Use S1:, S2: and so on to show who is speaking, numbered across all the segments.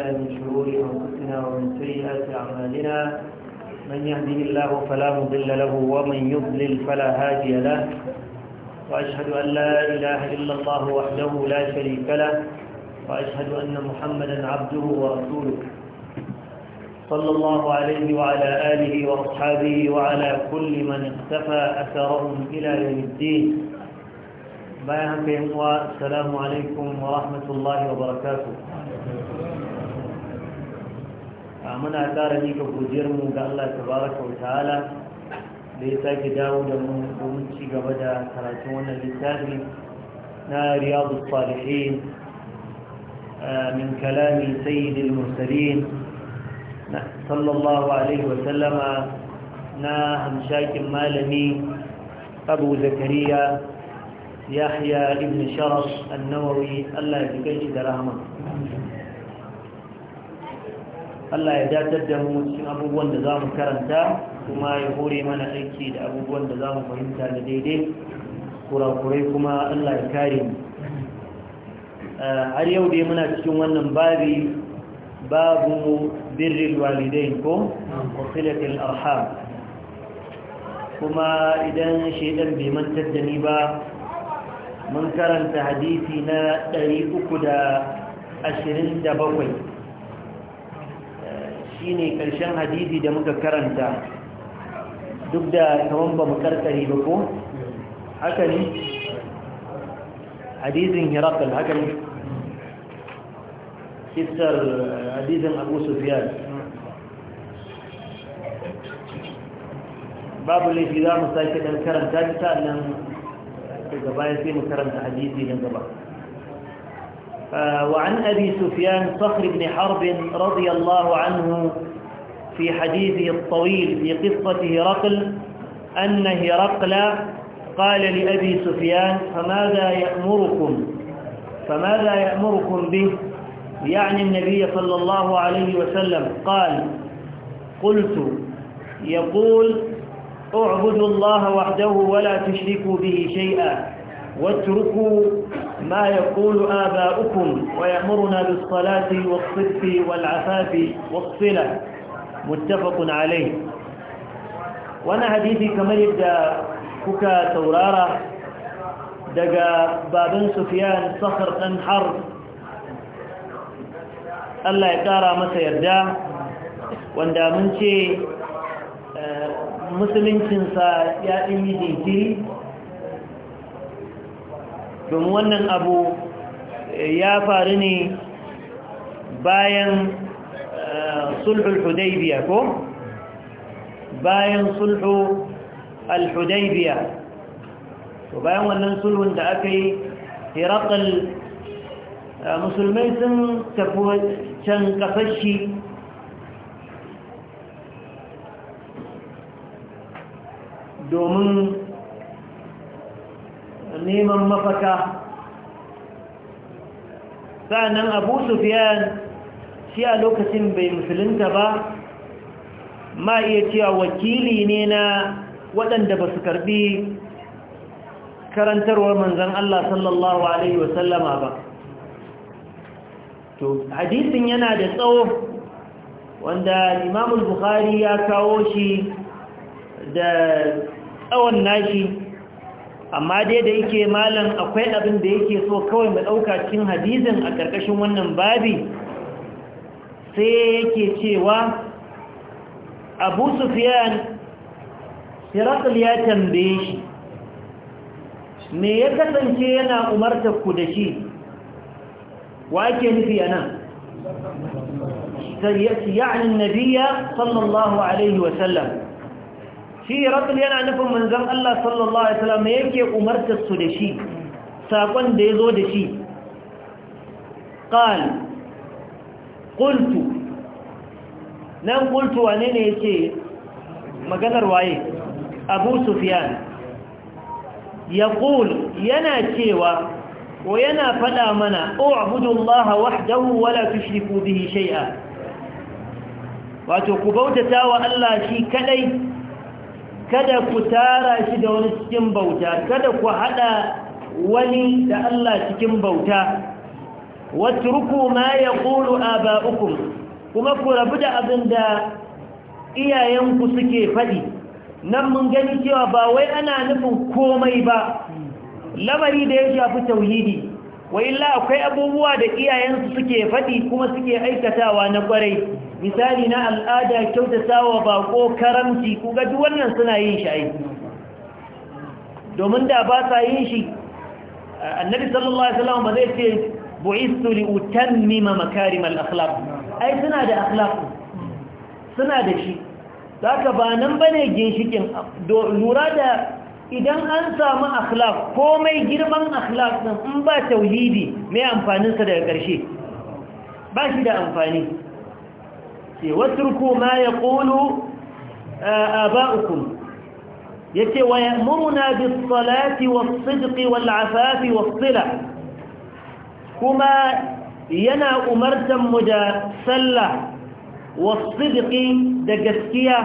S1: تعالى من شرور أنفسنا ومن سيئات أعمالنا من يهده الله فلا مضل له ومن يضلل فلا هادي له وأشهد أن لا إله إلا الله وحده لا شريك له وأشهد أن محمدا عبده ورسوله صلى الله عليه وعلى آله وأصحابه وعلى كل من اقتفى أثرهم إلى يوم الدين بهم السلام عليكم ورحمة الله وبركاته muna ƙara mika godiyarmu ga Allah tabaraka wa ta'ala da ya sake dawo da mu domin ci gaba da karatun wannan littafi na riyadu salihin min kalami sayyidil mursalin sallallahu alaihi wa sallama na hamshakin malami abu zakariya yahya ibn sharaf annawawi Allah ya ji da rahama Allah ya datar da mu cikin abubuwan da za mu karanta kuma ya hore mana aiki da abubuwan da za mu fahimta da daidai kurakurai kuma Allah ya kare mu eh, har yau dai muna cikin wannan babi babu birril walidai ko wasilatul arham kuma idan shedan bai mantar da ni ba mun karanta hadisi na 327 shine karshen hadisi da muka karanta duk da kaman ba mu karkare ba ko haka ne hadisin hirakal haka ne kisar eh, hadisin abu sufiyan babu laifi za mu sake ɗan karanta ta nan gaba baya sai mu karanta hadisi na gaba آه، وعن أبي سفيان صخر بن حرب رضي الله عنه في حديثه الطويل في قصة هرقل أن هرقل قال لأبي سفيان فماذا يأمركم فماذا يأمركم به يعني النبي صلى الله عليه وسلم قال قلت يقول اعبدوا الله وحده ولا تشركوا به شيئا واتركوا ما يقول آباؤكم ويأمرنا بالصلاة والصدق والعفاف والصلة متفق عليه وانا حديثي كما يبدأ كوكا تورارة دقى بابن سفيان صخر بن حرب
S2: Allah ya ƙara masa yarda wanda mun ce
S1: musuluncinsa ya ɗin yi jinkiri domin wannan abu eh, ya faru ne bayan eh, sulhul hudaybiya ko bayan sulhu al to bayan wannan sulhun da aka yi hirakal eh, musulmai sun tafi can kafashi domin neman mafaka sa'annan abu sufiyan shi a lokacin bai musulunta ba ma iya cewa wakili ne na waɗanda ba su karɓi karantarwar manzan Allah sallallahu Alaihi wasallama ba to hadisin yana da tsawo wanda imamul bukhari ya kawo shi da tsawon nashi amma dai da yake malam akwai abin da yake so kawai mu ɗauka cikin hadizin a ƙarƙashin wannan babi sai yake cewa abu sufiyan shirakul ya tambaye shi me ya kasance yana umartar ku da shi wa ake nufi a nan ya'anin nabiya sallallahu alaihi wasallam shi rasul yana nufin manzon Allah sallallahu alaihi wasallam yake umartarsu su da shi sakon da yazo da shi qal qultu nan qultu wane ne yake maganar waye Abu Sufyan yaqul yana cewa wa yana faɗa mana u'budu Allah wahdahu wala la tushriku bihi shai'a wato ku bautata wa Allah shi kadai kada ku tara shi da wani cikin bauta kada ku hada wani da Allah cikin bauta watruku ma yaqulu aba'ukum kuma ku rabu da abin da iyayenku suke fadi nan mun gani cewa ba wai ana nufin komai ba Labari da ya shafi tauhidi wa illa akwai abubuwa da iyayensu suke faɗi kuma suke aikatawa na kwarai misali na al'ada kyautata wa bako karamci kuga duk wannan suna yin shi ai domin da ba sa yin shi annabi sallallahu alaihi wasallam ba zai ce bu'istu li utammima makarim al-akhlaq ai suna da akhlaq suna da shi zaka ba nan bane ginshikin lura da idan an samu akhlaq mai girman akhlaq din in ba tauhidi mai amfanin sa daga karshe ba shi da amfani ce wasruku ma yaqulu aba'ukum yace wa ya'muruna bis salati was sidqi wal afafi was sila kuma yana umartan mu da sallah was sidqi da gaskiya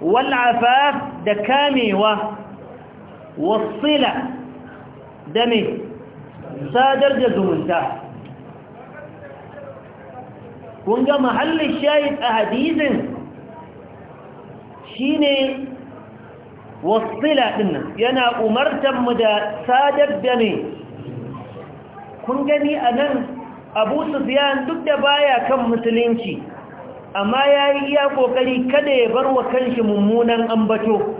S1: wal afaf da kamewa wasila da ne sadar da zumunta kun ga mahallin shahid a hadisin shine wasila dinnan yana umartar da sadar da ne kun gani a nan abu sufiyan duk da baya kan musulunci amma ya yi iya ƙoƙari kada ya bar wa kanshi mummunan ambato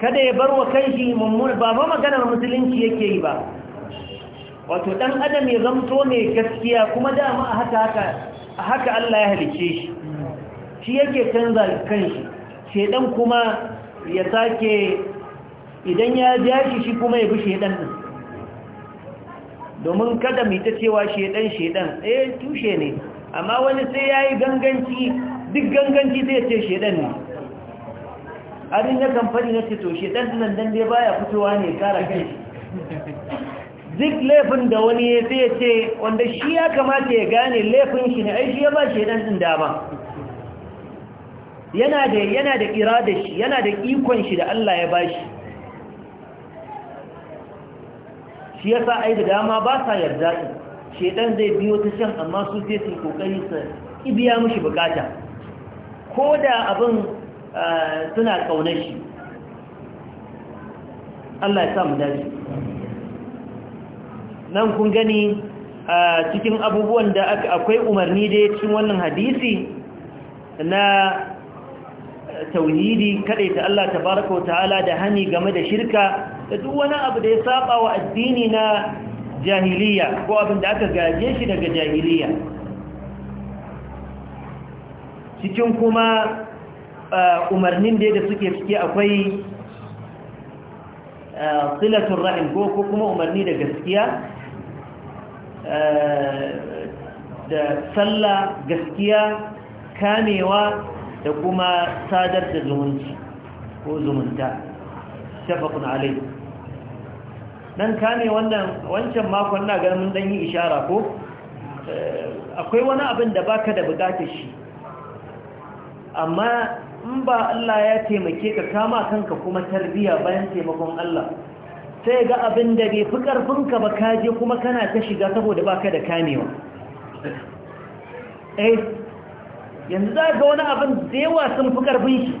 S1: kada ya bar wa kanshi mummuna ba ba maganar musulunci yake yi ba wato dan adam ya zamto mai gaskiya kuma dama a haka haka haka Allah ya halice shi shi yake canza kanshi shedan kuma ya sake idan ya ja shi shi kuma ya bi shedan din domin kada mu ta cewa shedan shedan eh tushe ne amma wani sai yayi ganganci duk ganganci zai ce shedan ne abin ya kamfani na ce to shi ɗan nan dan dai baya fitowa ne kara kai duk laifin da wani ya sai ya ce wanda shi ya kamata ya gane laifin shi ne aishi ya ba shi ɗan ɗin dama yana da da irada shi yana da ikon shi da Allah ya ba shi shi ya sa ai da dama ba sa yarda shi shedan zai biyo ta can amma su zai su kokari su ibiya mushi bukata ko da abin suna kaunar shi Allah ya samu dace nan kun gani a cikin abubuwan da akwai umarni da ya cin wannan hadisi na tauhidi kaɗai ta Allah ta wa ta'ala da hani game da shirka da duk wani abu da ya saba wa addini na jahiliya ko abin da aka gaje shi daga jahiliya cikin kuma umarnin da suke suke akwai silatun ra'in ko kuma umarni da gaskiya da sallah gaskiya kamewa da kuma sadar da zumunci ko zumunta shafakun alai nan kame wannan wancan makon na ganin mun yi ishara ko akwai wani abin da baka da bukatar shi amma in ba Allah ya taimake ka kama kanka kuma tarbiya bayan taimakon Allah sai ga abin da bai fi ƙarfinka ba kaje kuma kana ta shiga saboda baka da kamewa eh yanzu za ga wani abin da yawa sun fi ƙarfin shi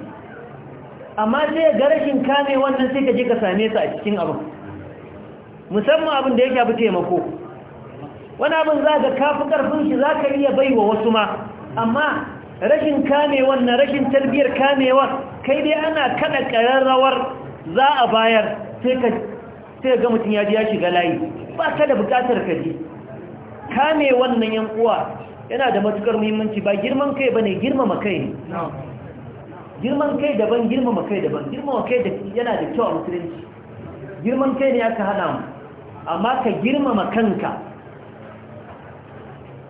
S1: amma sai ga rashin kame wannan sai ka je ka same su a cikin abin musamman abin da yake abu taimako wani abin za ka fi ƙarfin shi za ka iya baiwa wasu ma amma rashin kamewar na rashin tarbiyyar kamewar kai dai ana kada kararrawar za a bayar sai ga mutum ya ji ya shiga layi ba ka da bukatar ka ji kame wannan yan uwa yana da matukar muhimmanci ba girman kai bane girmama kai ne girman kai daban girmama kai daban girmama kai da yana da kyau a musulunci girman kai ne aka hada mu amma ka girmama kanka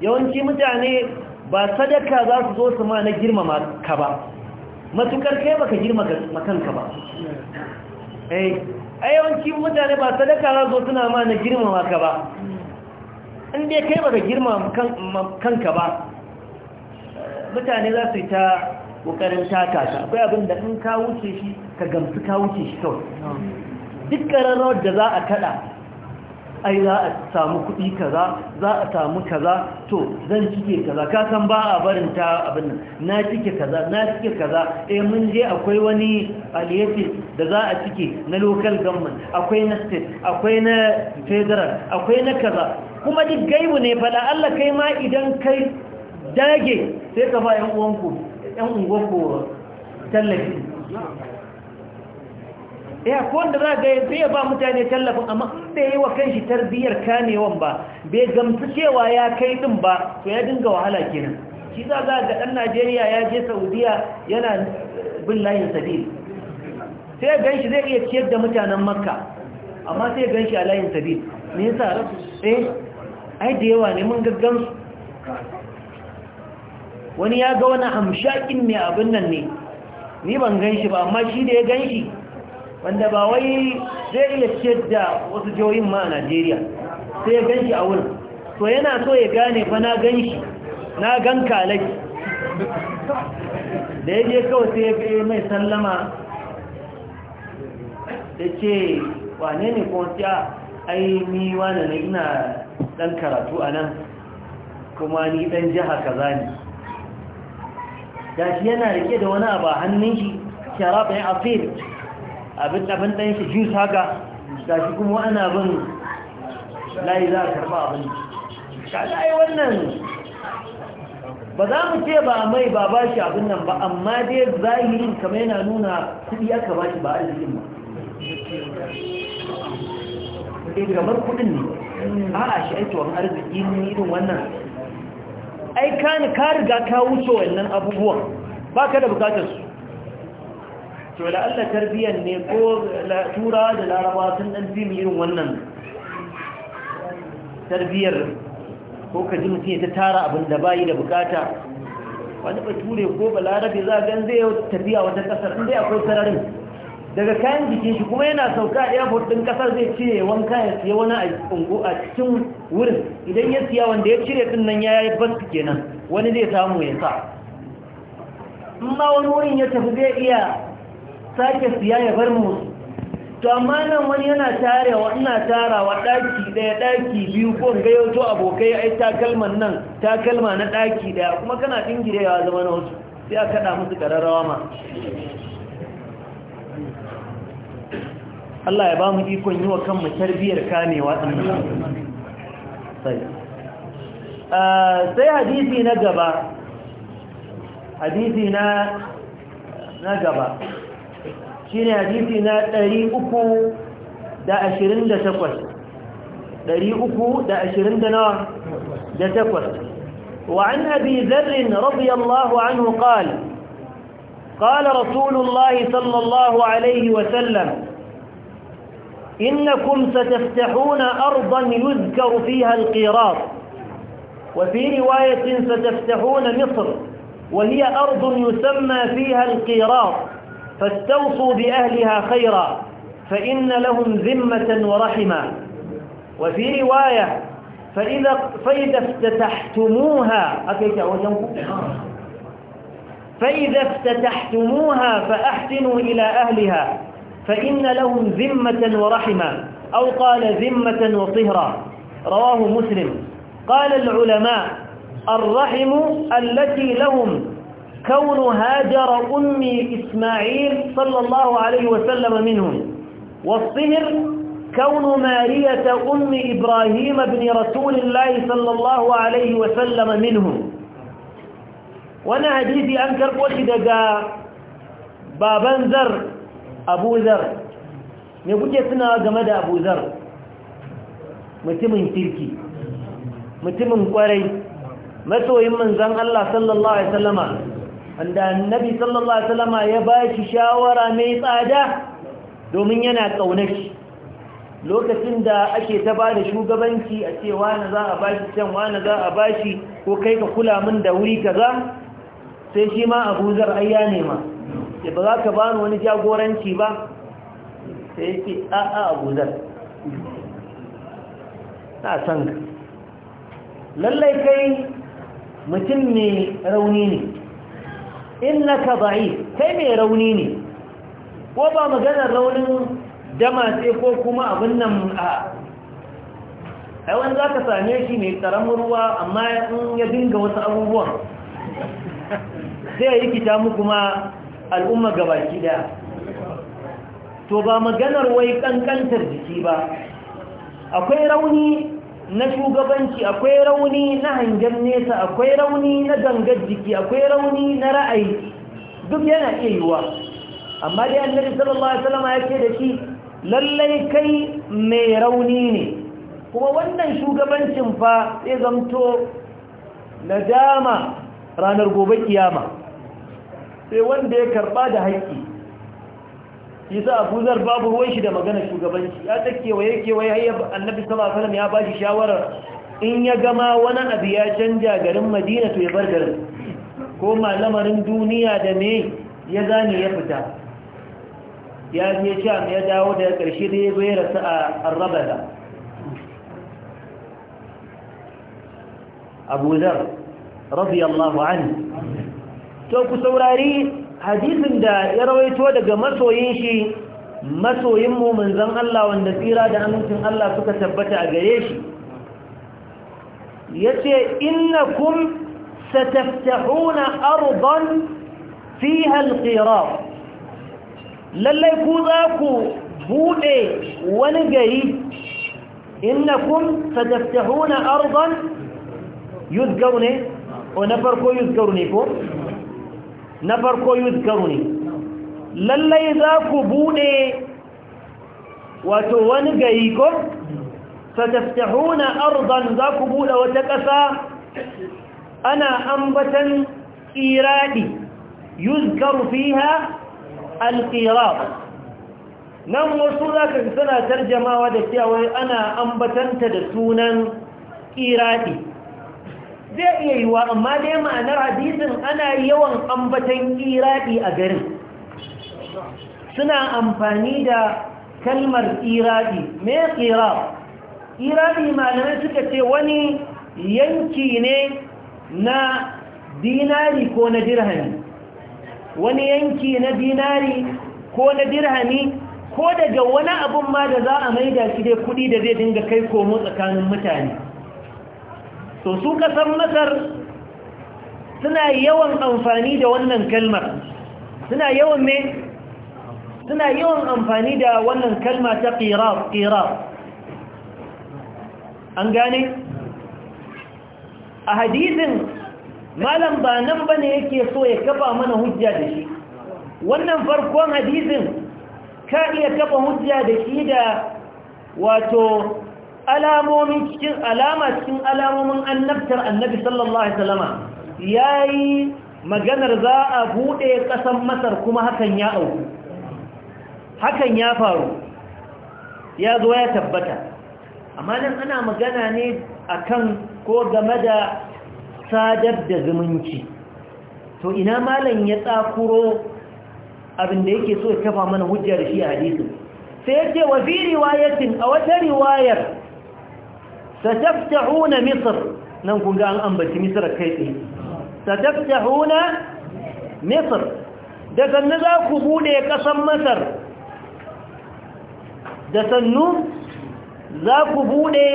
S1: yawanci mutane ba sadaka za su zo su ma na girmama ka ba matukar kai baka girmama kanka ba eh yawanci mutane ba sadaka za su zo suna ma na girmama ka ba in dai kai baka girmama kanka ba mutane za su yi ta kokarin taka ka akwai abin da in ka wuce shi ka gamsu ka wuce shi kawai dukkan ranar da za a kada ai za a samu kuɗi kaza za a samu kaza to zan cike kaza ka san ba a barin ta abin nan na cike kaza na cike kaza eh mun je akwai wani aliyati da za a cike na local government akwai na state akwai na federal akwai na kaza kuma duk gaibu ne fa Allah kai ma idan kai dage sai ka ba yan uwanku yan unguwanku tallafi ya ko wanda za ga sai ya ba mutane tallafin amma in ya yi wa kanshi tarbiyyar kanewan ba bai gamsu cewa ya kai din ba to ya dinga wahala kenan shi za ga ga dan Najeriya ya je Saudiya yana bin layin sabil sai ganshi zai iya ciyar da mutanen Makka amma sai ganshi a layin sabil ya sa rafi eh ai da yawa ne mun gaggan wani ya ga wani hamshakin mai abin nan ne ni ban ganshi ba amma shi da ya ganshi wanda ba wai zai iya ciyar da wasu jihohin ma a najeriya sai ya gan shi a wurin to yana so ya gane fa na gan shi na gan kalai da ya je kawai sai ya ga mai sallama da ce wane ne kuma siya ai ni wane na ina dan karatu a nan kuma ni dan jiha kaza ne da shi yana rike da wani abu a hannun shi shara bayan asiri abin abin ɗan shi jus haka da shi kuma ana bin
S2: layi za a karɓa abin
S1: kaga ai wannan
S2: ba za mu ce ba mai ba ba
S1: shi abin nan ba amma dai zahirin kama yana nuna kudi aka ba shi ba jikin ba ɗai eh, gamar kuɗin ne a'a shi aiki wani arziki ne irin wannan ai ni ka riga ka wuce wannan abubuwan ba ka da bukatarsu su to Allah tarbiyyar ne ko tura da laraba sun ɗan irin wannan tarbiyyar ko ka ji mutum ta tara abin da bayi da bukata wani bature ko balarabe za a gan zai yau tafiya wata kasar inda ya kai sararin daga kayan jikin shi kuma yana sauka a airport ɗin kasar zai cire wanka ya siya wani a cikin wurin idan ya siya wanda ya cire ɗin nan ya yi bas kenan wani zai samu ya sa Amma wani wurin ya tafi zai iya sake siya ya bar mu. to amma nan wani yana tarewa ina tarawa ɗaki ɗaya ɗaki biyu ko ga yato abokai ai takalman nan takalma na ɗaki ɗaya kuma kana ɗingire ya zama na wasu sai a kaɗa musu ƙararrawa ma Allah ya ba mu ikon yi wa kanmu tarbiyyar kamewa ɗin ah, sai hadisi na gaba hadisi na gaba shine hadisi na 328 328 وعن أبي ذر رضي الله عنه قال قال رسول الله صلى الله عليه وسلم إنكم ستفتحون أرضا يذكر فيها القيراط وفي رواية ستفتحون مصر وهي أرض يسمى فيها القيراط فاستوصوا بأهلها خيرا فإن لهم ذمة ورحمة وفي رواية فإذا, فإذا افتتحتموها فإذا افتتحتموها فأحسنوا إلى أهلها فإن لهم ذمة ورحمة أو قال ذمة وطهرا رواه مسلم قال العلماء الرحم التي لهم كون هاجر أمي إسماعيل صلى الله عليه وسلم منهم والصهر كون مارية أم إبراهيم بن رسول الله صلى الله عليه وسلم منهم وانا حديثي أنكر وجدك بابا ذر أبو ذر نقول يسنا قمد أبو ذر متمن تركي متمن قري متو يمن زن الله صلى الله عليه وسلم wanda annabi sallallahu alaihi wasallama ya ba shi shawara mai tsada domin yana kaunar shi lokacin da ake ta ba da shugabanci a ce wani za a bashi can wani za a bashi ko kai ka kula min da wuri kaza sai shi ma Zar ai ya nema ce ba za ka ba ni wani jagoranci ba sai yake a'a abuzar na san ka lallai kai mutum mai rauni ne ka ba'i kai mai rauni ne ko ba maganar raunin damatse ko kuma abin nan a aiwan za ka same shi mai tsaramin ruwa amma in ya dinga wasu abubuwan sai ya rikita muku ma al'umma gabaki daya to ba maganar wai kankantar jiki ba akwai rauni na shugabanci akwai rauni na hangen nesa akwai rauni na gangar jiki akwai rauni na ra'ayi duk yana iya yiwuwa amma dai annabi sallallahu alaihi wasallam ya ce da shi lallai kai mai rauni ne kuma wannan shugabancin fa zai zamto nadama ranar gobe kiyama sai wanda ya karba da haƙƙi yasa Abu Zar babu ruwan shi da magana shugabanci ya ta kewaye ke waye hayya Annabi sallallahu alaihi wasallam ya bashi shawara in ya gama wani abu ya canja garin Madina to ya bar garin ko malamarin duniya da me ya zane ya fita ya je sham ya dawo da karshe da ya zo ya rasu a Rabada Abu Zar radiyallahu anhu to ku saurari hadisin da ya rawaito daga masoyin shi masoyin mu manzon Allah wanda tsira da amincin Allah suka tabbata a gare shi yace innakum sataftahuna ardan fiha alqirar lalle ku za ku bude wani gari innakum sataftahuna ardan yuzgaru ne ko na farko yuzgaru ne ko na farko yuzkaru ne lallai za ku bude wato wani gari ko fataftahuna ardan za ku bude wata ƙasa ana ambatan iradi yuzkaru fiha alqirab nan wasu za ka suna tarjamawa da cewa ana ambatanta da sunan iradi zai iya yiwa amma dai ma'anar hadisin ana yawan ambatan iraki a garin suna amfani da kalmar iraki mai tsira iraki malamai suka ce wani yanki ne na dinari ko na dirhami wani yanki na dinari ko na dirhami ko daga wani abun ma da za a maida shi dai kudi da zai dinga kai komo tsakanin mutane to su kasar masar suna yawan amfani da wannan kalmar suna yawan me suna yawan amfani da wannan kalma ta qirar qirar an gane a hadisin malam ba nan bane yake so ya kafa mana hujja da shi wannan farkon hadisin ka iya kafa hujja da shi da wato alamomin cikin alama cikin alamomin annabtar annabi sallallahu alaihi wasallama yayi maganar za a bude kasan masar kuma hakan ya auku hakan ya faru ya zo ya tabbata amma nan ana magana ne akan ko game da sadar da zumunci to ina malam ya tsakuro abin da yake so ya kafa mana hujjar shi a hadisin sai yake wa fi riwayatin a wata riwayar ستفتحون مصر نكون قال ام بس مصر كيف ستفتحون مصر ده سنزا كبوده قسم مصر ده سنو ذا كبوده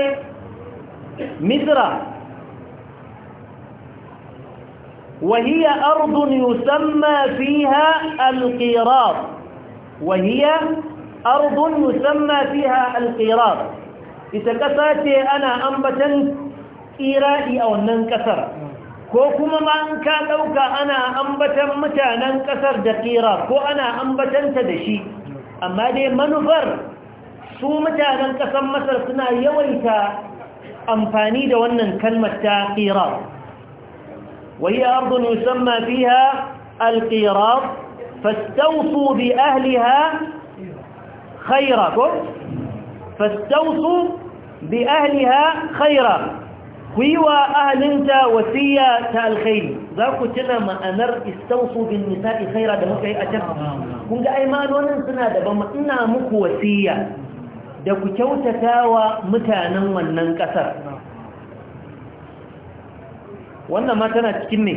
S1: مصر وهي ارض يسمى فيها القيراط وهي ارض يسمى فيها القيراط ita ƙasa ce ana ambatan tsiraɗi a wannan ƙasar ko kuma ma an ka ɗauka ana ambatan mutanen ƙasar da tsira ko ana ambatanta da shi amma dai manufar su mutanen ƙasar masar suna yawaita amfani da wannan kalmar ta tsira وهي أرض يسمى فيها القيراط فاستوصوا khaira ko. فاستوصوا بأهلها خيرا ويوا أهلنتا وسيا تالخير ذاكو تنا ما أنر استوصوا بالنساء خيرا ده مكي أتف كنت أيمان وننسنا ده بما إنا مكو وسيا da ku kyautata wa mutanen wannan ƙasar wannan ma tana cikin ne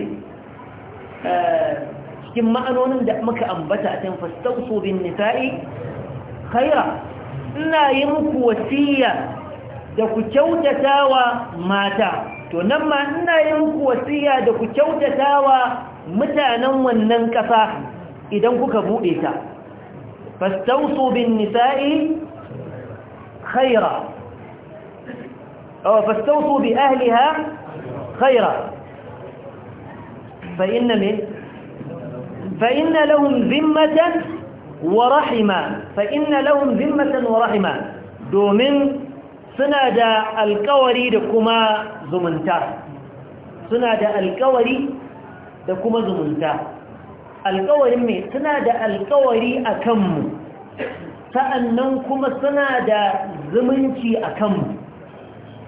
S1: cikin ma'anonin da muka ambata a can fastauso bin nisa'i khaira ina yi muku wasiya da ku kyautatawa mata to nan ma ina yi muku wasiya da ku kyautatawa mutanen wannan ƙasa idan kuka buɗe ta fastausu bin nisa'i khaira aw fastausu bi ahliha khaira fa inna min fa inna lahum zimmatan ورحما فإن لهم ذمة ورحما دومن سنادى القوري دكما زمنتا سنادى القوري دكما زمنتا القوري مي سنادى القوري أكم سأننكم سنادى زمنتي أكم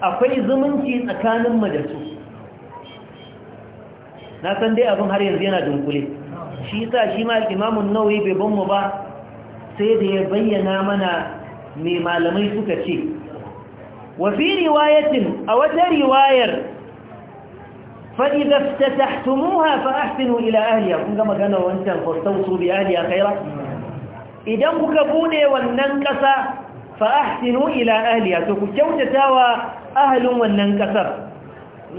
S1: akwai zumunci tsakanin majalisu na san dai abin har yanzu yana dunkule shi sa shi ma imamun nauyi bai ban mu ba sai da ya bayyana mana mai malamai suka ce wafi riwayatin a wata riwayar faɗi fa'iza ta tahtumuha fa'ahtinu ila ahliya kun ga magana wancan su bi ahliya kaira idan kuka bude wannan ƙasa fa'ahtinu ila ahliya to ku kyautata wa ahalin wannan ƙasar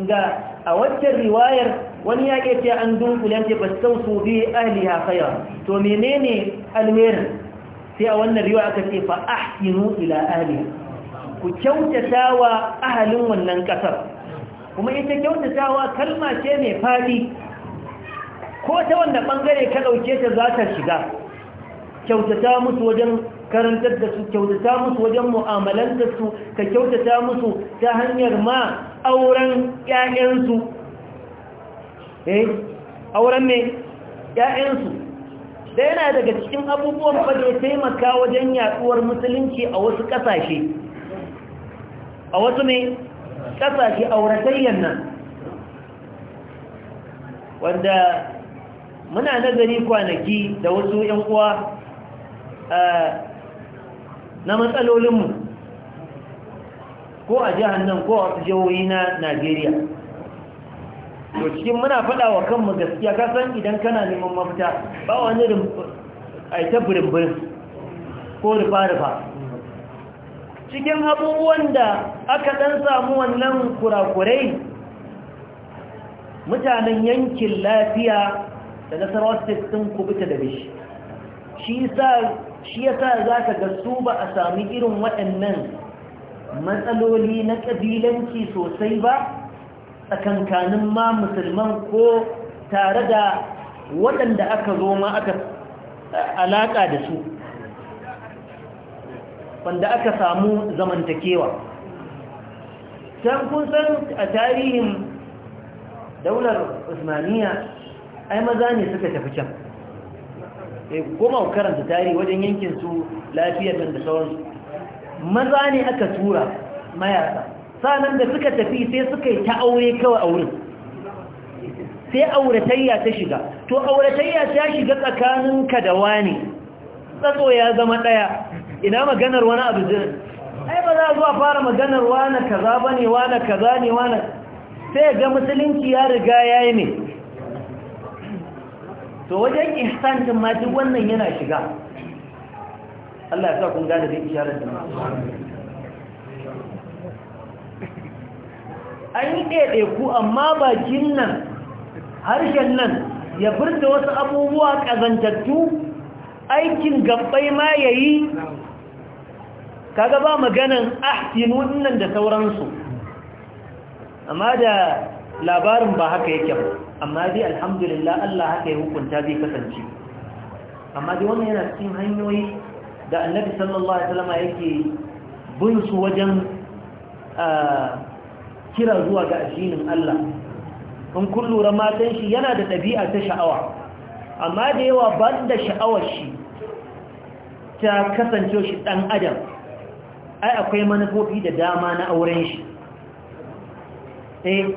S1: ga a waccan riwayar wani ya ce an dunkulance ba su bi ahliya kaira to menene alherin sai a wannan riwa aka ce fa ahsinu ila ahli ku kyautatawa ahalin wannan kasar kuma ita kyautatawa kalma ce mai fadi ko ta wanda bangare ka dauke ta za ta shiga kyautata musu wajen karantar da su kyautata musu wajen mu'amalantar su ka kyautata musu ta hanyar ma auren ƴaƴansu eh auren ne ƴaƴansu da yana daga cikin abubuwan ba da taimaka wajen yaduwar musulunci a wasu kasashe a wasu ne kasashe a auratayyan nan wanda muna nazari kwanaki da wasu yan uwa na matsalolinmu ko a jihar nan ko a jihohi na najeriya to cikin muna faɗa wa kanmu gaskiya ka san idan kana neman mafita ba wani a ta birin ko rufa-rufa cikin abubuwan da aka ɗan samu wannan kurakurai mutanen yankin lafiya da nasarar wasu sun kubuta da bishi shi ya sa za ka ga su ba a sami irin waɗannan matsaloli na ƙabilanci sosai ba tsakankanin ma musulman ko tare da waɗanda aka zo ma aka eh, alaƙa da su wanda aka samu zamantakewa can kun san a tarihin daular usmaniya ai maza ne suka tafi can goma eh, karanta tarihi wajen yankin su lafiyar da sauransu maza ne aka tura mayasa sanan da suka tafi sai suka yi ta aure kawai a wurin sai auratayya ta shiga to auratayya ta shiga tsakaninka da wani tsatso ya zama ɗaya ina maganar wani abu jirin ai ba za a zuwa fara maganar wani kaza ba ne wani kaza ne wani sai ga musulunci ya riga ya yi ne to wajen ihsan din ma duk wannan yana shiga Allah ya sa kun gane da isharar da ma an yi ɗaiɗaiku amma bakin nan harshen nan ya furta wasu abubuwa ƙazantattu aikin gabbai ma ya yi kaga ba maganan ahtinu nan da sauransu amma da labarin ba haka yake ba amma dai alhamdulillah Allah haka ya hukunta zai kasance amma dai wannan yana cikin hanyoyi da annabi sallallahu alaihi wasallam yake bin su wajen ah, kira zuwa ga addinin Allah in kun lura matan shi yana da ɗabi'a ta sha'awa amma da yawa ban sha'awar shi ta kasance shi ɗan adam ai akwai manufofi da dama na auren shi eh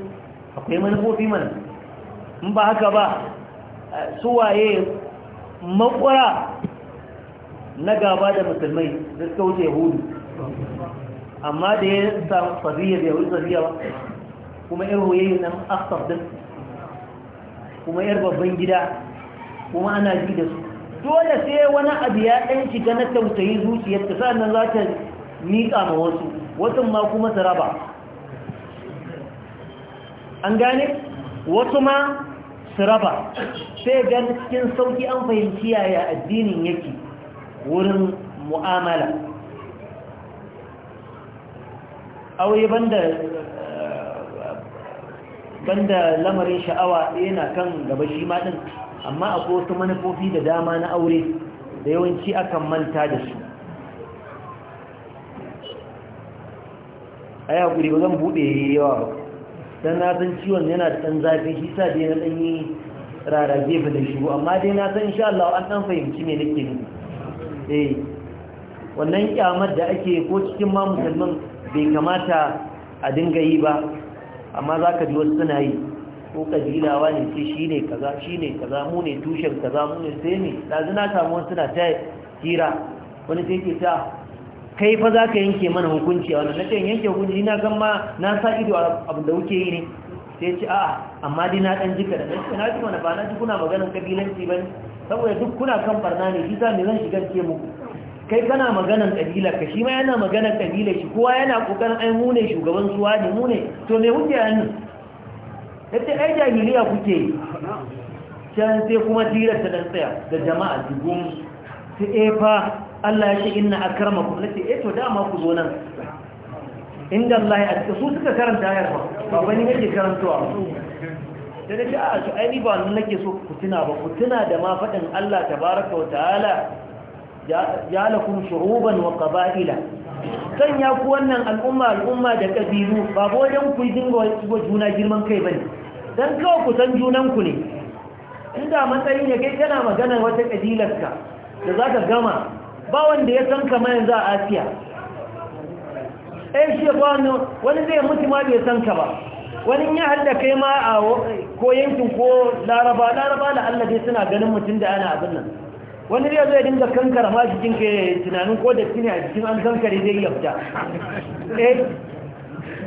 S1: akwai manufofi mana in ba haka ba suwaye makwara na gaba da musulmai da suka hudu. amma da ya samu fariya da yawon zariya ba kuma yar hoyayi nan aksar din kuma yar babban gida kuma ana ji da su dole sai wani abu ya ɗan shiga na tausayi zuciyarta nan za ta miƙa ma wasu wasu ma kuma su raba an gane wasu ma su raba sai gan cikin sauƙi an fahimci yaya addinin yake wurin mu'amala aure eh, banda lamarin sha'awa yana kan gaba shi ma amma akwai wasu manufofi da dama na aure da yawanci akan manta da su a ba zan buɗe yawa ba don na san ciwon yana da ɗan zafi shi sa dai na ɗan yi rara gefe da shigo amma dai na san sha Allah an ɗan fahimci mai nake ne eh, wannan kyamar da ake ko cikin ma musulman bai kamata a dinga yi ba amma za ka ji wasu suna yi ko kabilawa ne ce shi ne kaza shi ne kaza mu ne tushen kaza mu ne sai ne ɗazu na samu wasu suna ta hira wani sai ke ta kai fa za ka yanke mana hukunci a wani na kan yanke hukunci na gan ma na sa ido a abin da wuke yi ne sai ce a'a amma dai na ɗan jika da na ce na ji mana ba na ji kuna maganar kabilanci ba ne saboda duk kuna kan barna ne shi za me zan shigar ke muku kai kana maganan kabila ka shi ma yana maganan kabila shi kowa yana kokarin ai mu ne shugaban suwa ne mu ne to me kuke hannu yace ai jahiliya kuke yi can sai kuma tirar ta dan tsaya da jama'a dugum su efa eh, Allah ya ce inna akramakum lati eh to dama ku zo nan inda Allah ya ce su suka karanta ayar ba ba ni nake karantawa da nake a ah, to ai ni ba nan nake so ku tuna ba ku tuna da ma faɗin Allah tabaaraka wa ta'ala ja'alakum shuruban wa qaba'ila ya ku wannan al'umma al'umma da kabilu ba wajen ku dinga wa juna girman kai bane dan kawai ku san junan ku ne inda matsayi ne kai kana magana wata ka da zaka gama ba wanda ya san kamar yanzu a Asiya eh shi wani zai mutu ma bai san ka ba wani ya hada kai ma a ko yankin ko laraba laraba da Allah suna ganin mutum da ana abin nan wani zai zai dinga kankara ma cikin ke tunanin ko da ne a cikin an kankare zai yafta eh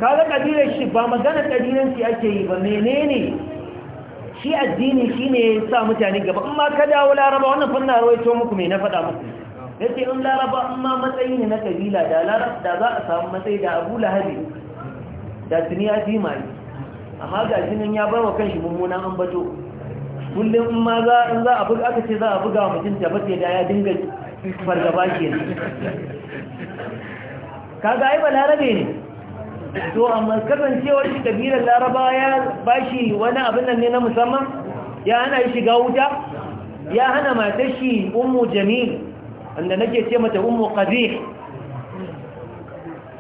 S1: kaga kabilar shi ba magana shi ake yi ba menene shi addini shine ya sa mutane gaba in ma ka dawo laraba wannan fannin rawaito muku me na faɗa muku Ya ce in laraba in ma matsayi ne na kabila da laraba da za a samu matsayi da abu lahabi da tuni ya fi amma ga jinin ya bar wa kan shi mummunan ambato kullum in ma za in za a buga aka ce za a buga mutum ta bace da ya dinga
S2: fargaba ke
S1: ga ai balarabe ne to amma kasancewar shi kabilar laraba ya bashi wani abin nan ne na musamman ya hana shi shiga wuta ya hana matar shi ummu jamil wanda nake ce mata ummu qabih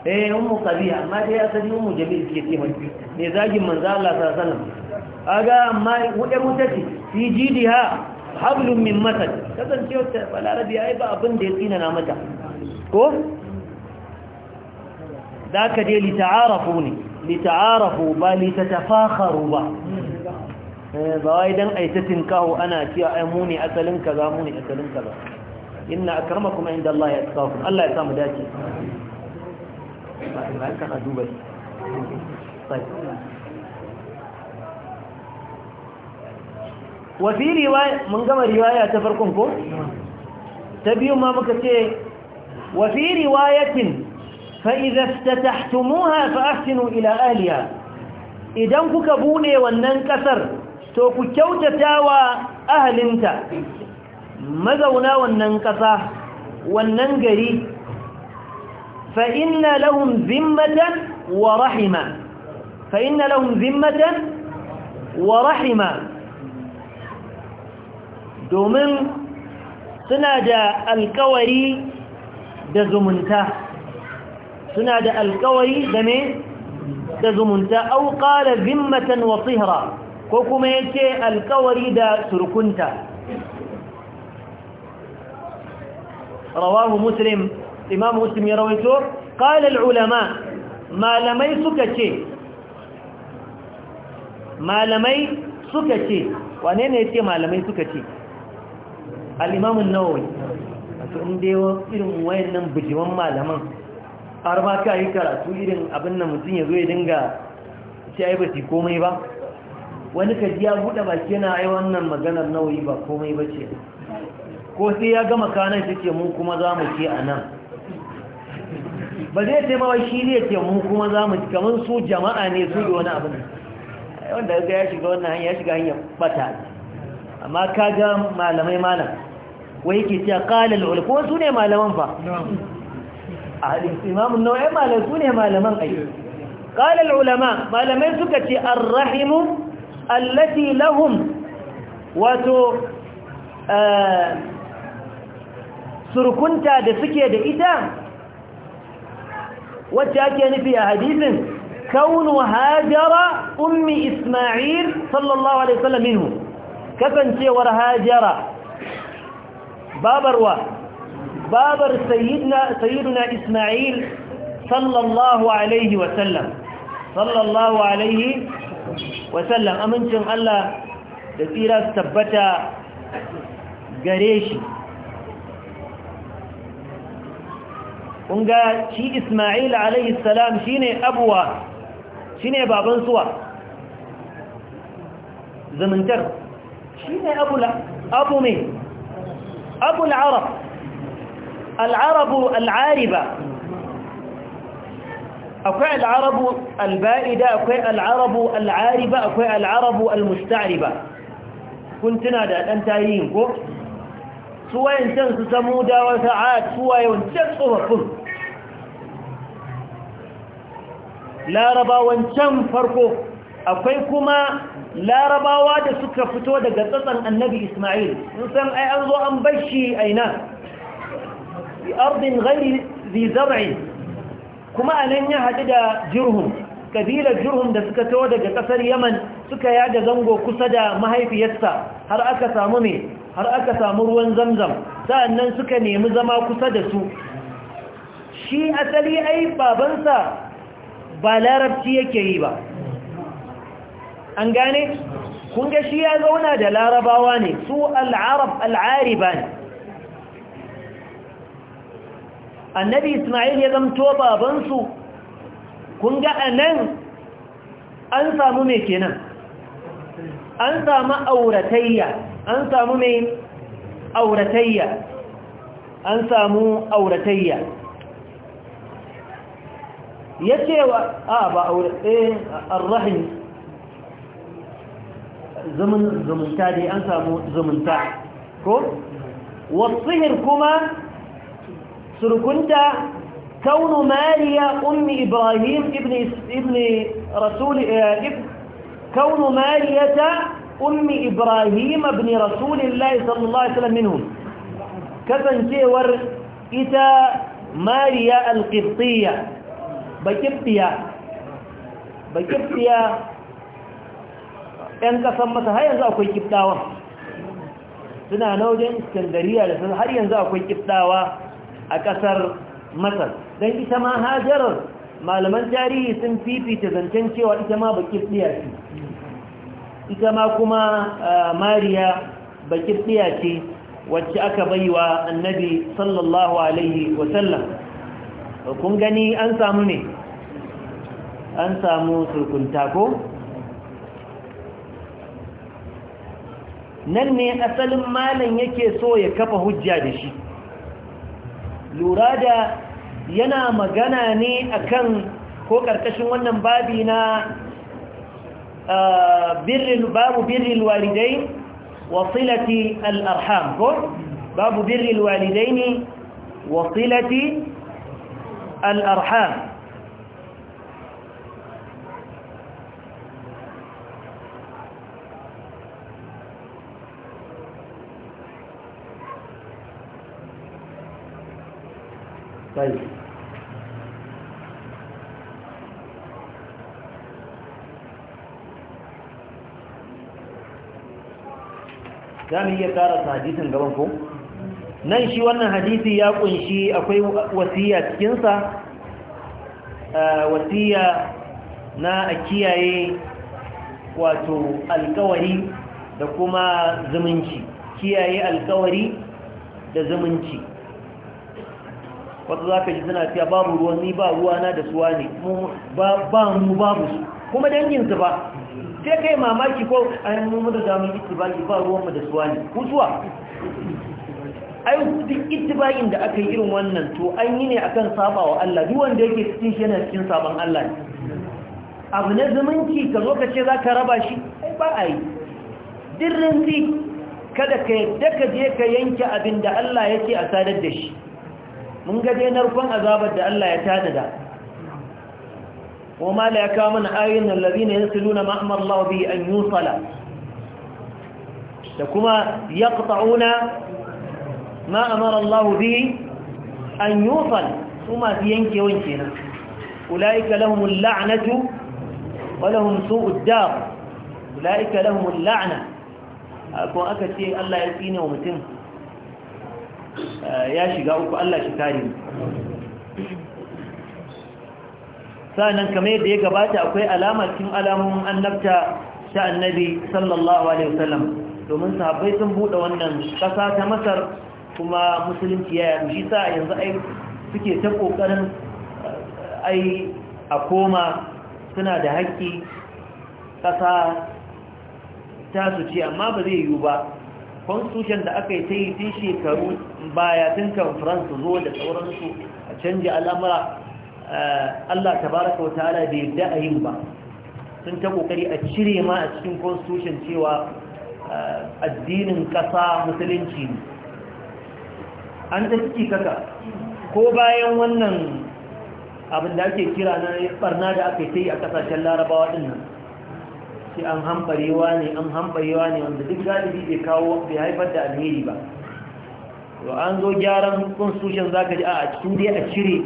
S1: eh mu kabiya. amma dai asali mu jamil ke ce mai ne zagin manzo Allah sallallahu alaihi wasallam aga amma wuɗe mutaci fi jidiha hablum min masad kasance wata balarabi ai ba abin da ya tsina na mata ko zaka dai li ta'arafu ne li ta'arafu ba li tatafakharu ba eh, ba wai dan ai ta ana cewa ai mu ne asalin kaza mu ne asalin kaza inna akramakum inda Allah ya tsaku Allah ya samu dace ba ka ka duba wafi riwaya mun gama riwaya ta farkon ko ta biyu ma muka ce wafi riwayatin فإذا افتتحتموها فأحسنوا إلى أهلها إذن كبوني ونن كسر توكوكوت تاوى أهل انت مذونا ونن كسا ونن قري فإن لهم ذمة ورحمة فإن لهم ذمة ورحمة دومن suna da alkawari da zumunta suna da alkawari da zimmatan wa tihra ko kuma yake alkawari da surukunta rawahu muslim imam muslim ya rawaito qala al ulama malamai suka ce malamai suka ce wane ne malamai suka ce al imam an-nawawi to inda wa irin wayannan bijiman malaman har ba ka yi karatu irin abin nan mutum ya zo ya dinga ci ai ba komai ba wani kaji ya bude baki yana ai wannan maganar nawawi ba komai ba ce ko sai ya gama kanan shi ce mu kuma za mu ce a nan ba zai taimawa shi ne ke mu kuma za mu kamar su jama'a ne su da wani abu ne wanda ga ya shiga wannan hanyar? ya shiga hanyar bata amma ka ga malamai malam wai ke cewa qala al ko su ne malaman fa a imamu nawawi malam su ne malaman ai qala al ma. malamai suka ce "An rahimu allati lahum wato eh, surkunta da suke da ita wacce ake nufi a hadisin kaunu hajara ummi isma'il sallallahu alaihi wasallam minhu kasancewar hajara babarwa babar sayyidina sayyiduna isma'il sallallahu alaihi wasallam sallallahu alaihi wasallam amincin Allah da tsira tabbata gare shi kun ga shi Isma'il alaihi salam shine abuwa shine baban suwa zamantar shine abu abu ne abu al-arab al akwai al-arabu akwai al-arabu akwai al-arabu al-musta'riba kun tuna da dan tarihin ko suwayen can su samu dawa sa'ad suwayen can tsofaffin larabawan can farko akwai kuma larabawa da suka fito daga tsatsan annabi ismail sun san ai an zo an bashi aina bi ardin ghairi zi zar'i kuma anan ya haɗu da jirhum kabilar jirhum da suka tawo daga ƙasar yaman suka yada zango kusa da mahaifiyarsa har aka samu ne har aka samu ruwan zamzam sa'annan suka nemi zama kusa da su shi asali ai babansa ba larabci yake yi ba an gane kun ga shi ya zauna da larabawa ne su al'arab al'ariba ne annabi ismail ya zamto babansu kun ga a nan an samu mai kenan an samu auratayya an samu mai auratayya an samu auratayya yace ce wa a ba eh, zumunta dai an samu zumunta ko? wasuhir kuma surkunta kaunu mariya ummi ibrahim ibni rasul eh, kaunu mariya ta ummi ibrahim abni rasulillah sallallahu ala'isallam minhu kasancewar ita mariya alƙirƙiyya bakiftiya bakiftiya ‘yan ƙasan masa har yanzu akwai kiftawa suna wajen iskandariya da sun har yanzu akwai kiftawa a ƙasar masar don ita ma hajjarar malaman tarihi sun fifita zancen cewa ita ma bakiftiya ce ita ma kuma mariya bakiftiya ce wacce aka baiwa annabi sallallahu alaihi wasallam kun gani an samu ne an samu surkunta ko nan ne asalin malam yake so ya kafa hujja da shi lura da yana magana ne akan ko karkashin wannan babi na babu birril walidai wasilati al'arham ko babu walidai ne wasilati al'arham طيب za mu iya karasa hadisin gaban ko nan shi wannan hadisi ya kunshi akwai wasiya cikinsa wasiya na a wato alkawari da kuma zumunci kiyaye alkawari da zumunci wata za ka ji suna cewa babu ruwan ni ba ruwa na da suwa ne ba mu babu su kuma danginsu ba sai kai mamaki ko ainihin mu da zamun itibaki ba ruwanmu da suwa ne kusuwa ai duk itibayin da aka yi irin wannan to an yi ne akan saba wa Allah duk wanda yake cikin shi yana cikin saban Allah ne abu na zumunci ka zo ka ce za ka raba shi ai ba a yi dirrin kada ka yadda ka je ka yanke abin da Allah yake a sadar da shi mun ga gade narkon azabar da Allah ya tanada kuma ya yakamun ayyun allazina yasluna ma amara Allah bi an yusala da kuma yaqta'una ma amara Allah bi an yusala kuma su yanke wanke na ulaika lahum al'anatu wa lahum su'ud dar aka ce Allah ya tsine wa mutum Eh, ya shiga uku Allah shi kare sa'annan kamar yadda ya gabata akwai alama cikin alamomin annabta ta annabi sallallahu alaihi wasallam domin sahabbai sun bude wannan kasa ta Masar kuma musulunci ya yi sa yanzu ai suke ta kokarin eh, ai a koma suna da haƙƙi kasa ta su ce amma ba zai yiwu ba constitution da aka yi ta yi tun shekaru baya tun conference zo da sauransu a canja al'amura eh, Allah tabaraka wa ta'ala bai yadda a ba sun ta kokari a cire ma a cikin constitution cewa eh, addinin ƙasa musulunci ne an ta ciki kaka ko bayan wannan abin da ake kira na barna da aka yi ta yi a kasashen larabawa ɗin nan sai an hambarewa ne an hambarewa ne wanda duk galibi bai kawo bai haifar da alheri ba to an zo gyaran constitution zaka ji a cikin dai a cire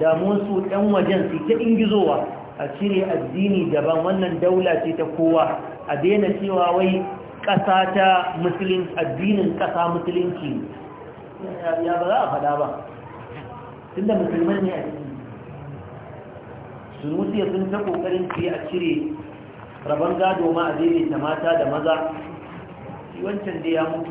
S1: damuwar su ɗan wajen su ta ingizowa a cire addini daban wannan daula ce ta kowa a daina cewa wai ƙasa ta musulunci addinin ƙasa musulunci ya ba za a faɗa ba tunda musulman ne a su sunusiya sun ta ƙoƙarin su a cire rabon gado ma a ta mata da maza wancan da ya mutu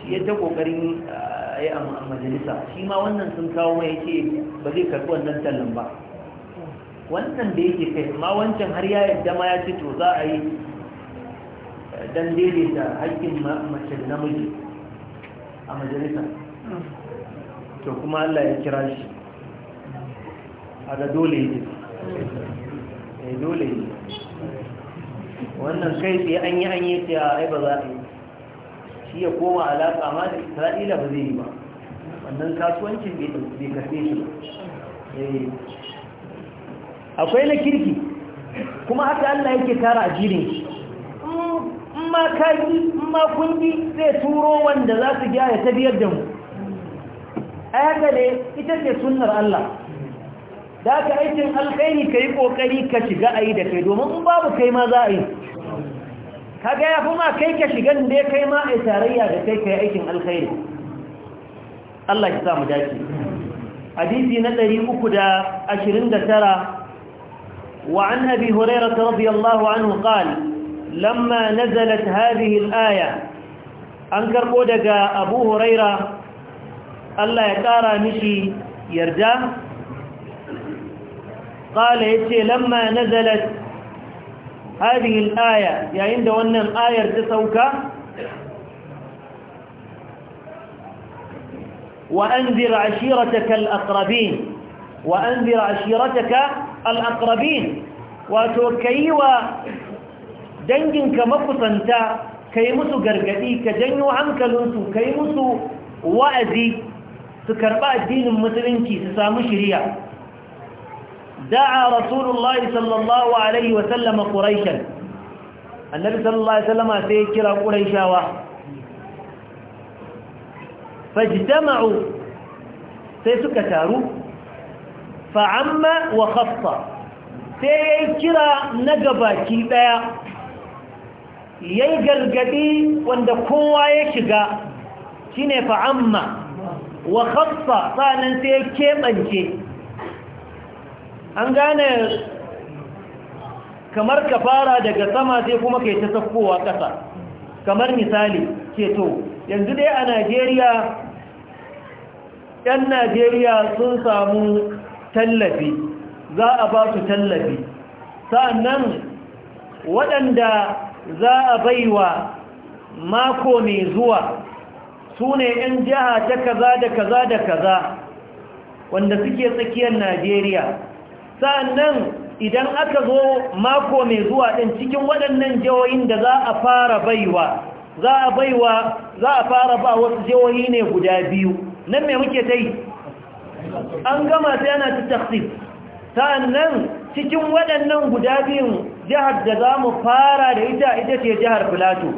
S1: shi ya ta kokarin ah, ya a majalisa shi ma wannan sun kawo mai yake ba zai karɓi wannan tallan ba wannan da yake kai ma wancan har ya yadda ma ya ce to za a yi eh, don daidaita haƙƙin mace da namiji a majalisa to kuma Allah ya kira shi a ga dole ne eh, dole ne wannan kai sai an yi an yi ta ai ba za a yi shi ya koma alaƙa ma da isra'ila ba zai yi ba wannan kasuwancin bai karfe shi eh. akwai na kirki kuma haka allah yake tara a jirin in ma kaki in ma kungi zai turo wanda za su gyara ta biyar da mu a haka ne ita ce sunnar allah da aikin alkhairi kai kokari ka shiga ayi da kai domin babu kai ma za yi kaga ya kuma kai ka shiga ne kai ma a tarayya da kai kai aikin alkhairi Allah ya sa mu dace hadisi na 329 wa an abi hurairah radiyallahu anhu qala lamma nazalat hadhihi alaya an karbo daga abu hurairah Allah ya kara mishi yarda قال يتي لما نزلت هذه الآية يعني عند ونم آية تسوك وأنذر عشيرتك الأقربين وأنذر عشيرتك الأقربين وتوكيوا دنجنك مقصنتا كيمسو قرقدي كجنو عنك لنسو كيمسو وأذي تكرباء الدين المسلمين تسامو شريعه دعا رسول الله صلى الله عليه وسلم قريشا النبي صلى الله عليه وسلم سيكرا قريشا فاجتمعوا سيسكتاروا فعم وخص سيكرا نقبا كيبا يلقى القدي وند كوا يشقى شنف عم وخص فانا سيكيم أنشي an gane kamar ka fara daga sama sai kuma kai ta sakkowa ƙasa kamar misali ce to yanzu dai a najeriya yan najeriya sun samu tallafi za a ba su tallafi sa'annan waɗanda za a baiwa mako mai zuwa su ne 'yan jiha ta kaza da kaza da kaza wanda suke tsakiyar najeriya sannan idan aka zo mako mai zuwa ɗin cikin waɗannan jihohin da za a fara baiwa za a baiwa za a fara ba wasu jihohi ne guda biyu nan mai muke ta yi an gama sai ana ta taksif sannan cikin waɗannan guda biyun jihar da za mu fara da ita ita ce jihar filato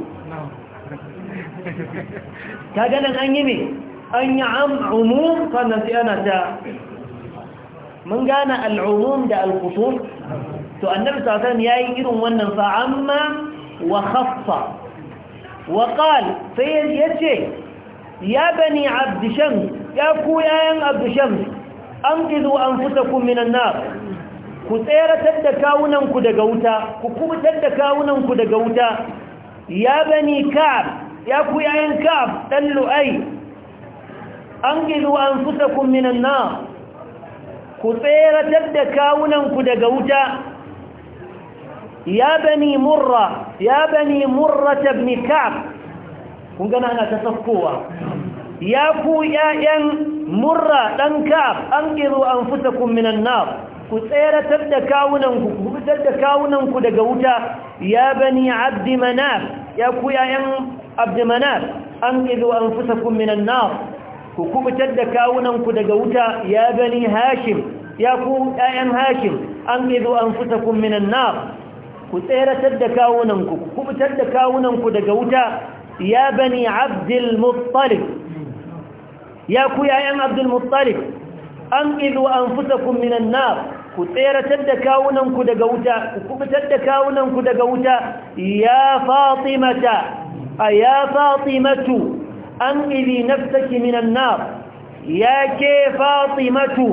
S1: ta ganin an yi ne an yi umum sannan sai ana ta mun gane al'umum da al'kusur to annabi sasan ya yi irin wannan fa'amma wa khaffa wa qal sai ya ce ya bani abdishams ya ku yayan abdishams an gizo an fusa minan nar ku tseratar da kawunanku daga wuta ku kubutar da kawunanku daga wuta ya bani ka'ab ya ku yayan ka'ab dan lu'ai an gizo an fusa minan nar ku tseratar da kawunanku daga wuta ya bani murra ya bani murra kun gana ana ta ya ku ƴaƴan murra ɗan kaf an ƙiru an fusa kumminan ku tseratar da kawunanku ku fitar da kawunanku daga wuta ya bani abdi manaf ya ku abdi manaf an ƙiru an fusa kumminan ku kubutar da kawunanku daga wuta ya bani hashim ya ku ɗayan hashim an izo an fusa kun minan na ku tseratar da kawunanku ku kubutar da kawunanku daga wuta ya bani abdulmuttalib ya ku yayan abdulmuttalib an izo an fusa kun minan na ku tseratar da kawunanku daga wuta ku kubutar da kawunanku daga wuta ya fatimata a ya fatimatu anqidhi nafsaki minan nar ya ke fatimatu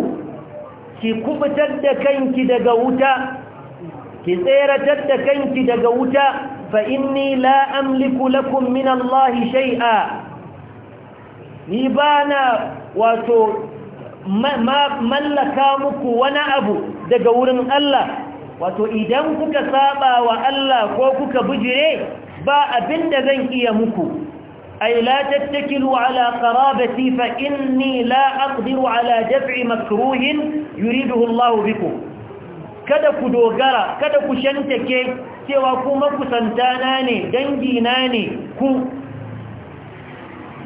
S1: ki kubtar da kanki daga wuta ki tseratar da kanki daga wuta fa inni la amliku lakum min Allah shay'a ni bana wato mallaka muku wani abu daga wurin Allah wato idan kuka saba Allah ko kuka bujire ba abinda zan iya muku أي لا تتكلوا على قرابتي فإني لا أقدر على دفع مكروه يريده الله بكم kada ku dogara kada ku shantake cewa ku makusantana ne dangina ne ku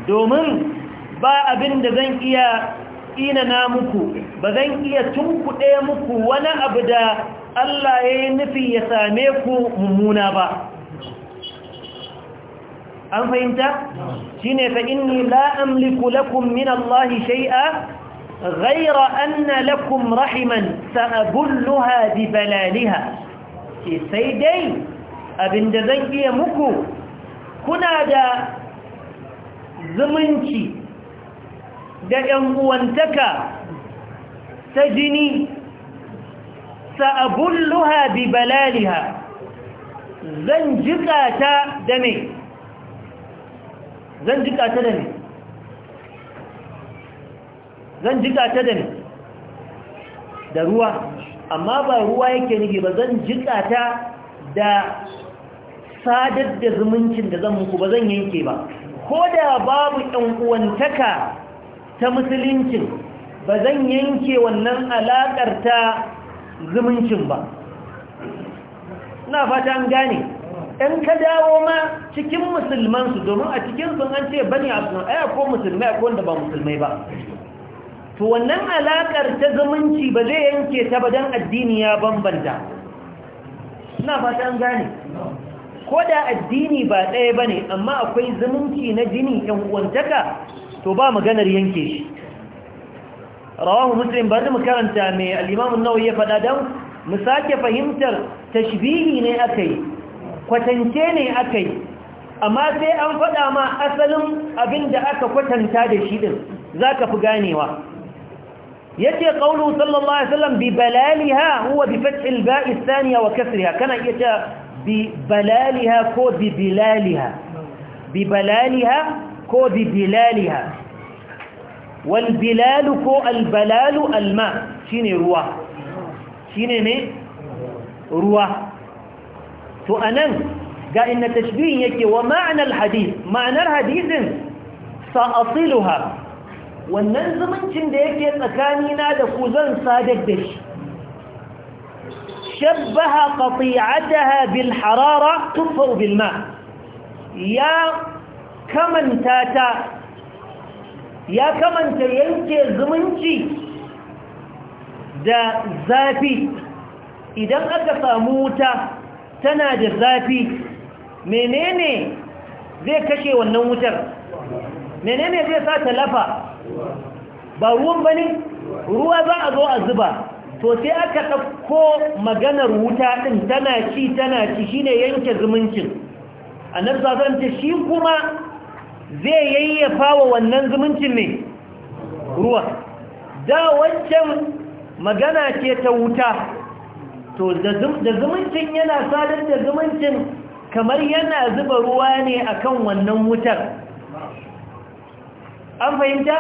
S1: domin ba abin da zan iya inana muku ba zan iya tunkuɗe muku wani abu da Allah ya yi nufi ya same ku mummuna ba an fahimta shine fa inni la amliku lakum min allahi shay'a ghayra anna lakum rahiman sa'abulluha bi balaliha ki sai dai abinda zan iya muku kuna da zumunci da yan uwantaka ta jini sa'abulluha bi balaliha zan jika ta da mai zan jika ta da ne zan jika ta da ne da ruwa amma ba ruwa yake nufi ba zan jika ta da sadar da zumuncin da zan muku ba zan yanke ba ko da babu uwantaka ta musuluncin ba zan yanke wannan alaƙar ta zumuncin ba na fata an gane in ka dawo ma cikin musulmansu, domin a cikinsu an ce bani asnan aya ko musulmai a wanda ba musulmai ba to wannan alakar ta zumunci ba zai yanke ta ba don addini ya bambanta ina fata an gane ko da addini ba ɗaya ba ne amma akwai zumunci na jini yan uwantaka to ba maganar yanke shi rawahu muslim bari mu karanta mai al-imam ya faɗa don mu sake fahimtar tashbihi ne aka yi. kwatance ne aka yi amma sai an faɗa ma asalin abin da aka kwatanta da shi ɗin za ka fi ganewa ya ce ƙaunu sallallahu alaihi wasallam bi balaliha huwa bi fat'il ba'i wa kasriha kana iya ta bi balaliha ko bi bilaliha bi ko bi bilaliha wal bilalu ko al alma shine ne ruwa to anan ga inna tashbihin yake wa ma'anar hadith ma'anar hadithin sa'asiluha wannan zumuncin da yake tsakanina da ku zan sadar da shi shabbaha qati'ataha bil harara tufu bil ma ya kamanta ta ya kamanta yanke zumunci da zafi idan aka samu wuta tana da zafi menene zai kashe wannan wutar menene zai sa ta lafa ba ruwan bane ruwa za a zo a zuba to sai aka ɗauko maganar wuta ɗin tana ci tana ci shine yanke zumuncin annabi zan ce shi kuma zai yayyafa wa wannan zumuncin ne ruwa da wancan magana ce ta wuta to da zumuncin yana sadar da zumuncin kamar yana zuba ruwa ne akan wannan wutar an fahimta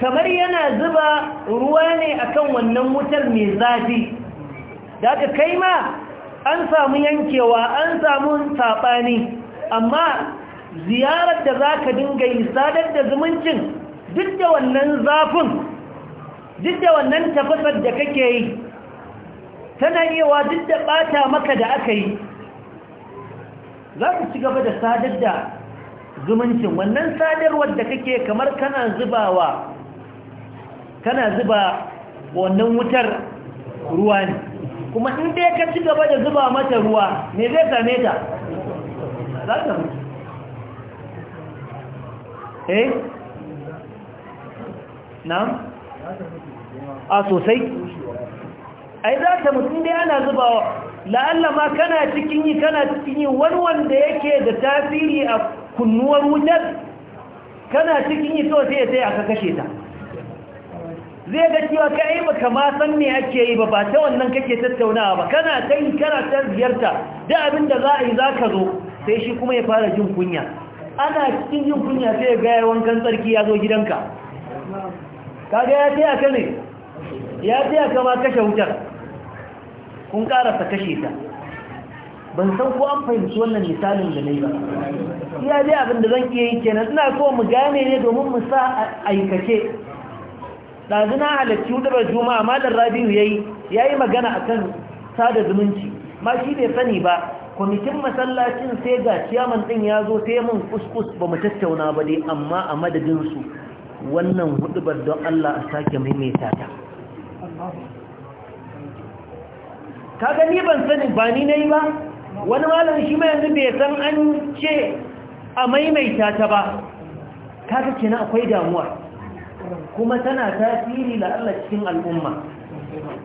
S1: kamar yana zuba ruwa ne akan wannan wutar mai zafi da aka kai ma an samu yankewa an samu saɓani amma ziyarar da za ka dinga yi sadar da zumuncin duk da wannan zafin duk da wannan tafasar da kake yi tana iya duk da ɓata maka da aka yi za ku ci gaba da sadar da zumuncin wannan sadarwar da kake kamar kana zubawa kana zuba wannan wutar ruwa ne kuma in dai ka ci gaba da zuba mata ruwa me zai same ta za ta mutu eh na a sosai ai za ta mutum dai ana zubawa la'alla ma kana cikin yi kana cikin yi wani wanda yake da tasiri a kunnuwar wujar kana cikin yi to sai sai aka kashe ta zai ga cewa ka yi baka ma san me ake yi ba ba ta wannan kake tattaunawa ba kana ta yi kana ta ziyarta da abin da za a yi za ka zo sai shi kuma ya fara jin kunya ana cikin jin kunya sai ya gaya wankan tsarki ya zo gidanka kaga ya taya ka ne ya taya ka ma kashe wutar kun karasa kashe ta ban san ko an fahimci wannan misalin da nai ba ya dai abin da zan iya yi kenan ina so mu gane ne domin mu sa aikace ɗazu na halarci juma'a malar rabiu yayi yayi magana akan sada zumunci ma shi bai sani ba kwamitin masallacin sai ga ciyaman ɗin ya zo sai mun kuskus ba mu tattauna ba dai amma a madadinsu wannan hudubar don Allah a sake maimaita ta kaga ni ban sani ba ni nayi ba wani malami shi mai yanzu bai san an ce a maimaita ta ba kaga kenan akwai damuwa kuma tana tasiri Allah cikin al'umma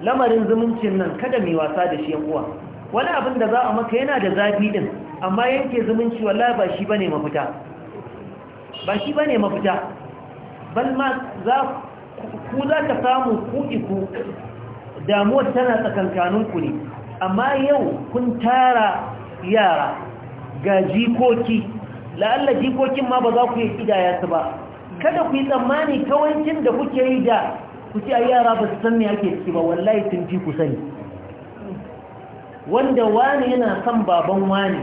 S1: lamarin zumuncin nan kada mai wasa da shi uwa wani abin da za a maka yana da zafi din amma yanke zumunci wallahi ba shi bane mafita ba shi bane mafita bal ma za ku za ka samu ku iku damuwar tana tsakankaninku ne amma yau kun tara yara ga jikoki la'alla jikokin ma ba za ku yi kidaya su ba kada ku yi tsammani kawancin da kuke yi da ku ci a yara ba su san me ake ciki ba wallahi sun ji ku sani wanda wani yana son baban wani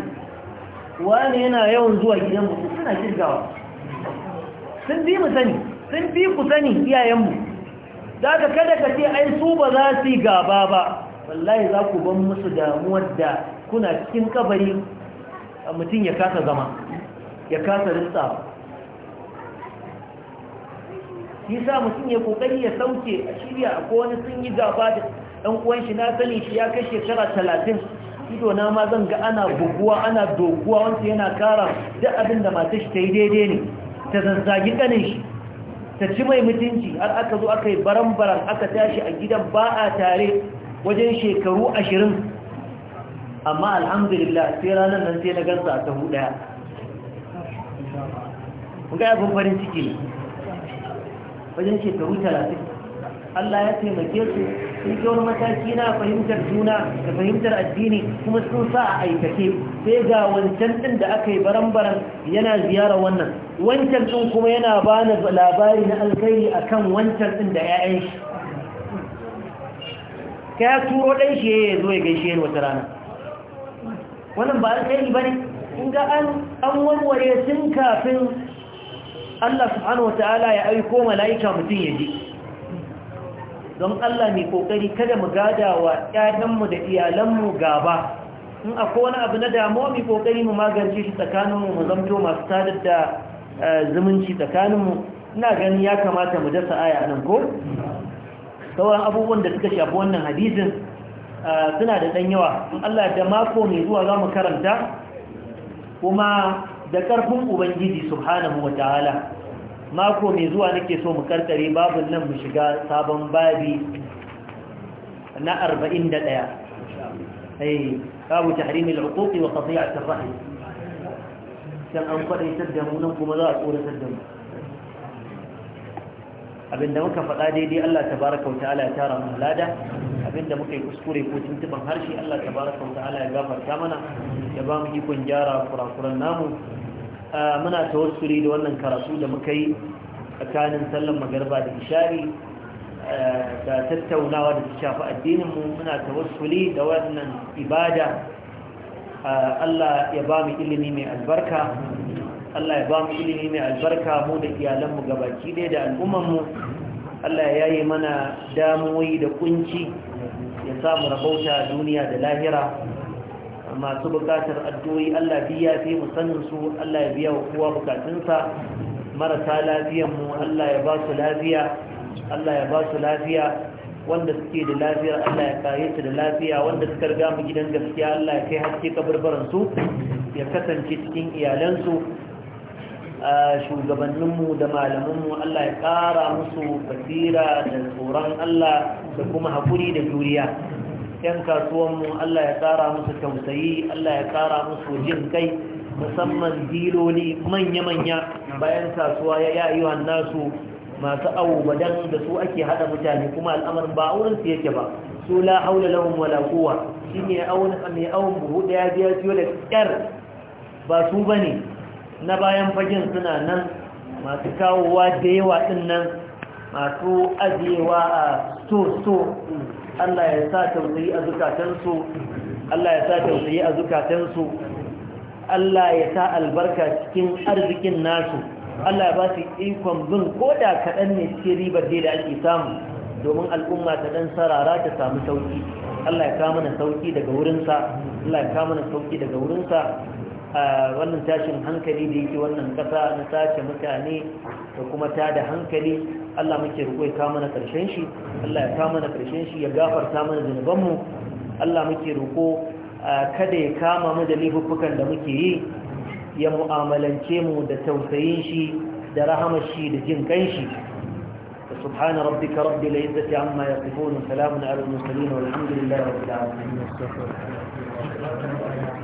S1: wani yana yawan zuwa gidanmu suna kirgawa sun bi mu sani sun bi ku sani iyayenmu za ka kada ka ce ai su ba za su gaba ba wallahi za ku ban musu damuwar da kuna cikin kabari mutum ya kasa zama ya kasa rinsa shi sa mutum ya kokari ya sauke a shirya a wani sun yi gaba da ɗan uwan shi na sani shi ya kai shekara talatin ido na ma zan ga ana buguwa ana doguwa wancan yana kara duk abin da matar ta yi daidai ne ta zazzagi ƙanin shi ta ci mai mutunci har aka zo aka yi baran aka tashi a gidan ba a tare wajen shekaru ashirin amma alhamdulillah sai ranar nan sai na gansa a tahu daya ga abin farin ciki wajen shekaru talatin Allah ya taimake su sun ke wani mataki na fahimtar juna da fahimtar addini kuma sun sa a aikace sai ga wancan ɗin da aka yi baran-baran yana ziyarar wannan wancan ɗin kuma yana ba na labari na alkhairi a kan wancan ɗin da ya'yan shi ka ya turo ɗan shi ya zo ya gaishe ni wata rana wannan ba alkhairi ba ne in ga an warware tun kafin Allah subhanahu wa ta'ala ya aiko mala'ika mutum ya je don Allah mai kokari kada mu gada wa 'ya'yanmu da iyalanmu gaba in akwai wani abu na damuwa mai kokari mu magance shi tsakaninmu mu zamto masu sadar da eh, zumunci tsakaninmu ina ganin ya kamata mu dasa aya nan ko sauran abubuwan da suka shafi wannan hadisin eh, suna da ɗan yawa in Allah da mako mai zuwa za mu karanta kuma da ƙarfin ubangiji subhanahu wa ta'ala mako mai zuwa nake so mu karkare babu nan mu shiga sabon babi na 41 ai eh, babu tahrim al-uquq wa qati'at ar-rahim dan an kwadai tadda nan kuma za a tsora tadda abinda muka faɗa daidai Allah tabaraka wa ta'ala ya tara mu lada abinda muka yi kuskure ko tuntuban harshe Allah tabaraka wa ta'ala ya gafarta mana ya ba mu ikon gyara kurakuran namu muna tawassuri da wannan karatu da muka yi tsakanin sallan magarba da ishari da tattaunawa da ta shafi addininmu muna tawassuli da wannan ibada Allah ya ba mu ilimi mai albarka Allah ya ba mu ilimi mai albarka mu da iyalanmu gabaki ɗaya da al'ummanmu Allah ya yi mana damuwoyi da kunci ya samu rabauta duniya da lahira masu bukatar addu'o'i Allah biya fi musannin su Allah ya biya wa kowa bukatunsa marasa lafiyan mu Allah ya ba su lafiya Allah ya ba su lafiya wanda suke da lafiya Allah ya kare su da lafiya wanda suka riga mu gidan gaskiya Allah ya kai haske kabarbaran su ya kasance cikin iyalansu shugabanninmu da mu Allah ya ƙara musu basira da tsoron Allah da kuma hakuri da juriya yan kasuwanmu Allah ya kara musu tausayi Allah ya kara musu jin kai musamman diloli manya-manya bayan kasuwa ya yayi nasu masu awo wadan da su ake hada mutane kuma al'amarin ba auren su yake ba su la haula lahum wala quwwa shine awon mai awon buhu ya biya da kyar ba su bane na bayan fagen suna nan masu kawowa da yawa din nan masu ajiyewa a store Allah ya sa tausayi a zukatansu Allah ya sa tausayi a zukatansu Allah ya sa albarka cikin arzikin nasu Allah ya ba su ikon bin koda kaɗan ne cikin ribar da ake samu domin al'umma ta ɗan sarara ta samu sauki Allah ya kama na sauki daga wurinsa Allah ya kama na sauki daga wurinsa wannan tashin hankali da yake wannan kasa na sace mutane da kuma ta da hankali Allah muke roƙo ya mana karshen shi Allah ya mana ƙarshen shi ya gafarta mana zunubanmu Allah muke roƙo kada ya kama mu da laifukan da muke yi ya mu'amalance mu da tausayin shi da rahamar shi da jin kan shi سبحان ربك رب العزة عما يصفون سلام على المرسلين والحمد لله رب العالمين